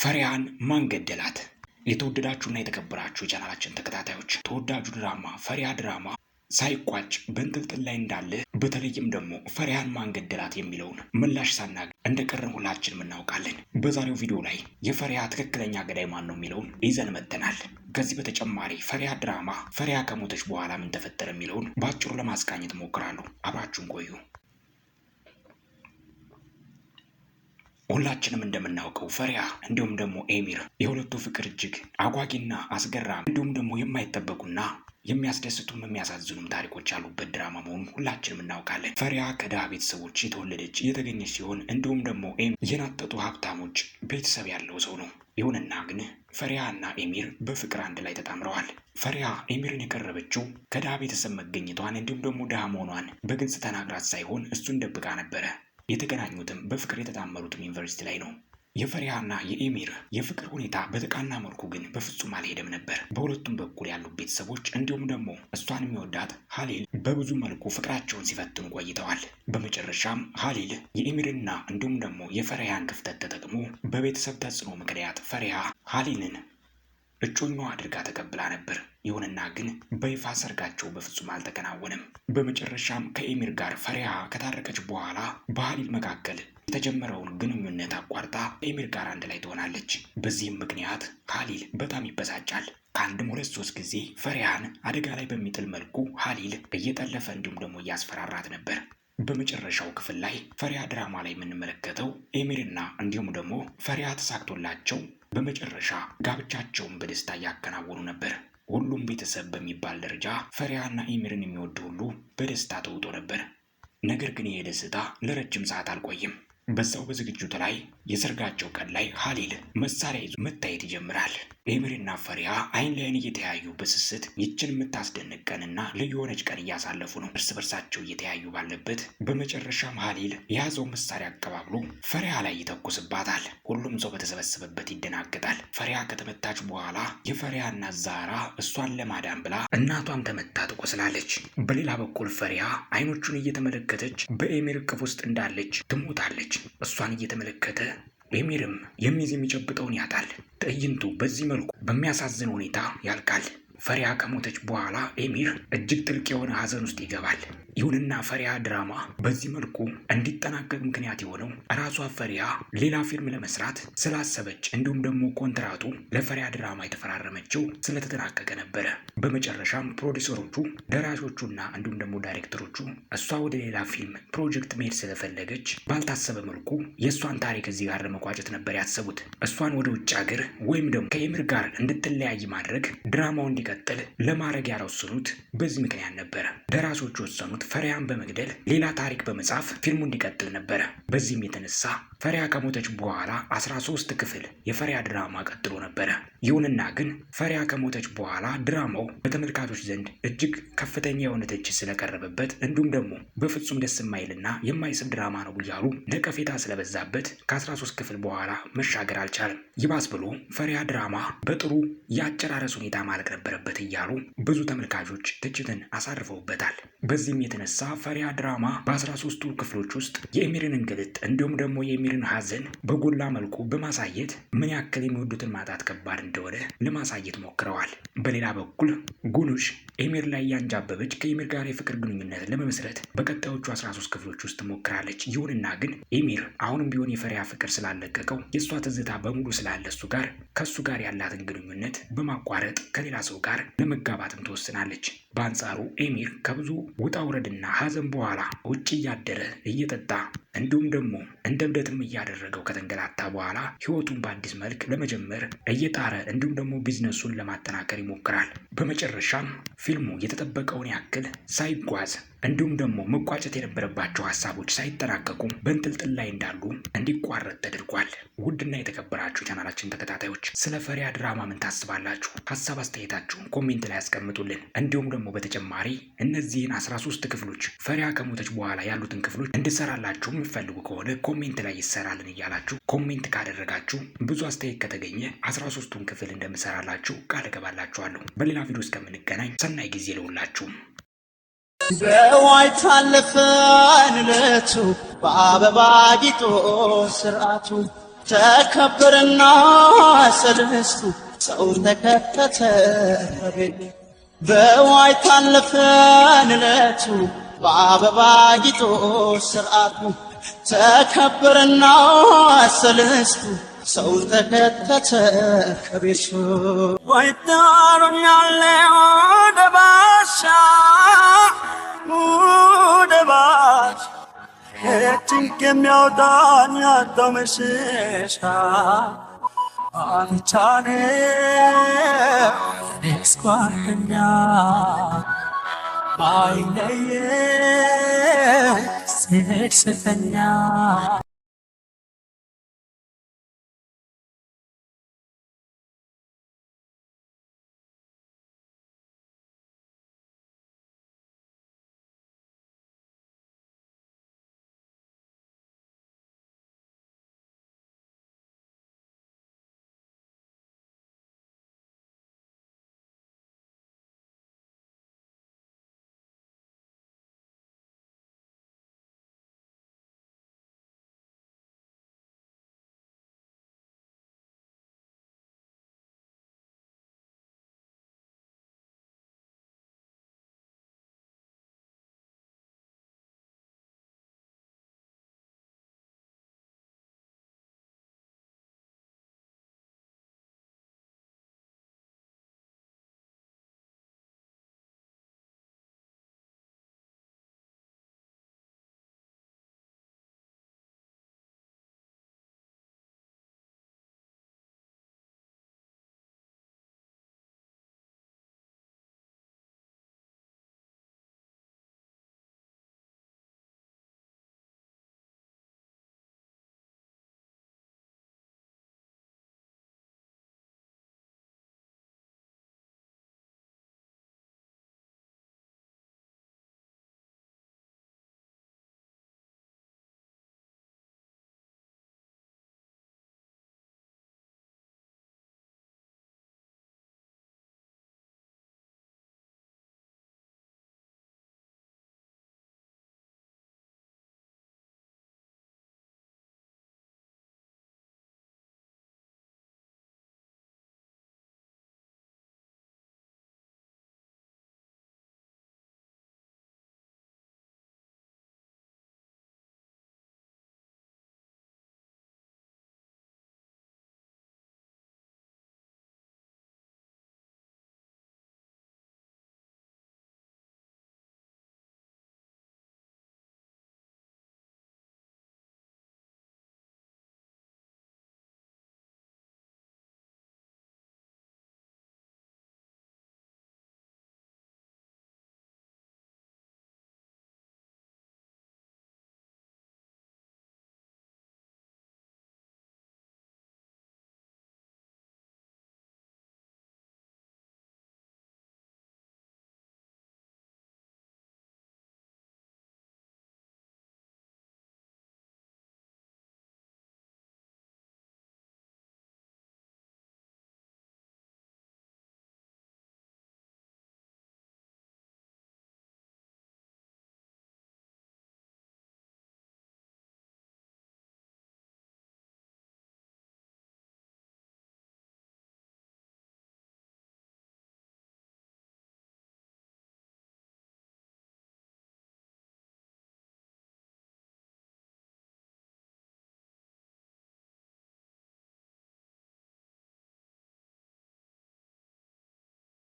ፈሪያን ማን ገደላት? የተወደዳችሁና የተከበራችሁ የቻናላችን ተከታታዮች ተወዳጁ ድራማ ፈሪያ ድራማ ሳይቋጭ በንጥልጥል ላይ እንዳለ በተለይም ደግሞ ፈሪያን ማን ገደላት የሚለውን ምላሽ ሳናገ እንደቀረን ሁላችንም እናውቃለን። በዛሬው ቪዲዮ ላይ የፈሪያ ትክክለኛ ገዳይ ማን ነው የሚለውን ይዘን መጥተናል። ከዚህ በተጨማሪ ፈሪያ ድራማ ፈሪያ ከሞተች በኋላ ምን ተፈጠረ የሚለውን በአጭሩ ለማስቃኘት እሞክራለሁ። አብራችሁን ቆዩ። ሁላችንም እንደምናውቀው ፈሪያ እንዲሁም ደግሞ ኤሚር የሁለቱ ፍቅር እጅግ አጓጊና አስገራሚ እንዲሁም ደግሞ የማይጠበቁና የሚያስደስቱም የሚያሳዝኑም ታሪኮች ያሉበት ድራማ መሆኑን ሁላችንም እናውቃለን። ፈሪያ ከድሃ ቤተሰቦች የተወለደች የተገኘች ሲሆን እንዲሁም ደግሞ የናጠጡ ሀብታሞች ቤተሰብ ያለው ሰው ነው። ይሁንና ግን ፈሪያ እና ኤሚር በፍቅር አንድ ላይ ተጣምረዋል። ፈሪያ ኤሚርን የቀረበችው ከድሃ ቤተሰብ መገኘቷን እንዲሁም ደግሞ ድሃ መሆኗን በግልጽ ተናግራት ሳይሆን እሱን ደብቃ ነበረ። የተገናኙትም በፍቅር የተጣመሩትም ዩኒቨርሲቲ ላይ ነው። የፈሪሃና የኤሚር የፍቅር ሁኔታ በተቃና መልኩ ግን በፍጹም አልሄደም ነበር። በሁለቱም በኩል ያሉ ቤተሰቦች እንዲሁም ደግሞ እሷን የሚወዳት ሀሊል በብዙ መልኩ ፍቅራቸውን ሲፈትኑ ቆይተዋል። በመጨረሻም ሀሊል የኤሚርና እንዲሁም ደግሞ የፈሪሃን ክፍተት ተጠቅሞ በቤተሰብ ተጽዕኖ ምክንያት ፈሪሃ ሀሊልን እጮኛዋ አድርጋ ተቀብላ ነበር። ይሁንና ግን በይፋ ሰርጋቸው በፍጹም አልተከናወነም። በመጨረሻም ከኤሚር ጋር ፈሪሃ ከታረቀች በኋላ በሀሊል መካከል የተጀመረውን ግንኙነት አቋርጣ ኤሚር ጋር አንድ ላይ ትሆናለች። በዚህም ምክንያት ሀሊል በጣም ይበሳጫል። ከአንድም ሁለት ሶስት ጊዜ ፈሪሃን አደጋ ላይ በሚጥል መልኩ ሀሊል እየጠለፈ እንዲሁም ደግሞ እያስፈራራት ነበር። በመጨረሻው ክፍል ላይ ፈሪያ ድራማ ላይ የምንመለከተው ኤሚርና እንዲሁም ደግሞ ፈሪያ ተሳክቶላቸው በመጨረሻ ጋብቻቸውን በደስታ እያከናወኑ ነበር። ሁሉም ቤተሰብ በሚባል ደረጃ ፈሪሃና ኢሚርን የሚወድ ሁሉ በደስታ ተውጦ ነበር። ነገር ግን ይሄ ደስታ ለረጅም ሰዓት አልቆይም። በዛው በዝግጅቱ ላይ የሰርጋቸው ቀን ላይ ሀሊል መሳሪያ ይዞ መታየት ይጀምራል። ኤምሪና ፈሪያ አይን ለአይን እየተያዩ በስስት ይችን የምታስደንቅ ቀንና ልዩ የሆነች ቀን እያሳለፉ ነው። እርስ በርሳቸው እየተያዩ ባለበት በመጨረሻም ሀሊል የያዘው መሳሪያ አቀባብሎ ፈሪያ ላይ ይተኩስባታል። ሁሉም ሰው በተሰበሰበበት ይደናግጣል። ፈሪያ ከተመታች በኋላ የፈሪያ እናት ዛራ እሷን ለማዳን ብላ እናቷም ተመታ ትቆስላለች። በሌላ በኩል ፈሪያ አይኖቹን እየተመለከተች በኤሚር እቅፍ ውስጥ እንዳለች ትሞታለች። እሷን እየተመለከተ ኤሚርም የሚይዝ የሚጨብጠውን ያጣል። ትዕይንቱ በዚህ መልኩ በሚያሳዝን ሁኔታ ያልቃል። ፈሪያ ከሞተች በኋላ ኤሚር እጅግ ጥልቅ የሆነ ሀዘን ውስጥ ይገባል። ይሁንና ፈሪያ ድራማ በዚህ መልኩ እንዲጠናቀቅ ምክንያት የሆነው ራሷ ፈሪያ ሌላ ፊልም ለመስራት ስላሰበች እንዲሁም ደግሞ ኮንትራቱ ለፈሪያ ድራማ የተፈራረመችው ስለተጠናቀቀ ነበረ። በመጨረሻም ፕሮዲሰሮቹ ደራሾቹና እንዲሁም ደግሞ ዳይሬክተሮቹ እሷ ወደ ሌላ ፊልም ፕሮጀክት መሄድ ስለፈለገች ባልታሰበ መልኩ የእሷን ታሪክ እዚህ ጋር ለመቋጨት ነበር ያሰቡት። እሷን ወደ ውጭ ሀገር ወይም ደግሞ ከኤምር ጋር እንድትለያይ ማድረግ ድራማው እንዲቀጥል ለማድረግ ያለወሰኑት በዚህ ምክንያት ነበረ። ደራሶቹ ወሰኑት ፈሪያን በመግደል ሌላ ታሪክ በመጻፍ ፊልሙ እንዲቀጥል ነበረ። በዚህም የተነሳ ፈሪያ ከሞተች በኋላ 13 ክፍል የፈሪያ ድራማ ቀጥሎ ነበረ። ይሁንና ግን ፈሪያ ከሞተች በኋላ ድራማው በተመልካቾች ዘንድ እጅግ ከፍተኛ የሆነ ትችት ስለቀረበበት እንዲሁም ደግሞ በፍጹም ደስ የማይልና የማይስብ ድራማ ነው እያሉ ነቀፌታ ስለበዛበት ከ13 ክፍል በኋላ መሻገር አልቻለም። ይባስ ብሎ ፈሪያ ድራማ በጥሩ የአጨራረስ ሁኔታ ማለቅ ነበረበት እያሉ ብዙ ተመልካቾች ትችትን አሳርፈውበታል። በዚህም የተነሳ ፈሪያ ድራማ በ13ቱ ክፍሎች ውስጥ የኢሚርን እንግልት እንዲሁም ደግሞ የሚልን ሐዘን በጎላ መልኩ በማሳየት ምን ያክል የሚወዱትን ማጣት ከባድ እንደሆነ ለማሳየት ሞክረዋል። በሌላ በኩል ጉኑሽ ኤሚር ላይ ያንጃበበች ከኤሚር ጋር የፍቅር ግንኙነት ለመመስረት በቀጣዮቹ 13 ክፍሎች ውስጥ ሞክራለች። ይሁንና ግን ኤሚር አሁንም ቢሆን የፈሪያ ፍቅር ስላለቀቀው የእሷ ትዝታ በሙሉ ስላለ እሱ ጋር ከእሱ ጋር ያላትን ግንኙነት በማቋረጥ ከሌላ ሰው ጋር ለመጋባትም ትወስናለች። በአንጻሩ ኤሚር ከብዙ ውጣ ውረድና ሐዘን በኋላ ውጭ እያደረ እየጠጣ እንዲሁም ደግሞ እንደ እብደትም እያደረገው ከተንገላታ በኋላ ህይወቱን በአዲስ መልክ ለመጀመር እየጣረ እንዲሁም ደግሞ ቢዝነሱን ለማጠናከር ይሞክራል። በመጨረሻም ፊልሙ የተጠበቀውን ያክል ሳይጓዝ እንዲሁም ደግሞ መቋጨት የነበረባቸው ሀሳቦች ሳይጠናቀቁ በንጥልጥል ላይ እንዳሉ እንዲቋረጥ ተደርጓል። ውድና የተከበራችሁ ቻናላችን ተከታታዮች ስለ ፈሪሃ ድራማ ምን ታስባላችሁ? ሀሳብ አስተያየታችሁን ኮሜንት ላይ ያስቀምጡልን። እንዲሁም ደግሞ በተጨማሪ እነዚህን 13 ክፍሎች ፈሪሃ ከሞተች በኋላ ያሉትን ክፍሎች እንድሰራላችሁ የሚፈልጉ ከሆነ ኮሜንት ላይ ይሰራልን እያላችሁ ኮሜንት ካደረጋችሁ ብዙ አስተያየት ከተገኘ 13ቱን ክፍል እንደምሰራላችሁ ቃል እገባላችኋለሁ። በሌላ ቪዲዮ እስከምንገናኝ ሰናይ ጊዜ ለውላችሁም። በዋይታ አለፈን በአበባ ጊጦ ስርዓቱ ተከበረና ሰለስቱ ሰው ተከተተ ረቤሉ በዋይታ አለፈን በአበባ ጊጦ ስርዓቱ ተከበረና ሰለስቱ ሰው ተከተተ ከቤቱ ወይታሩኛለ ወደ ባሻ ወደ ባሻ ከጭንቅ የሚያወጣኝ ያጣው መሸሻ አልቻኔ ስኳርተኛ ባይለየ ስህድ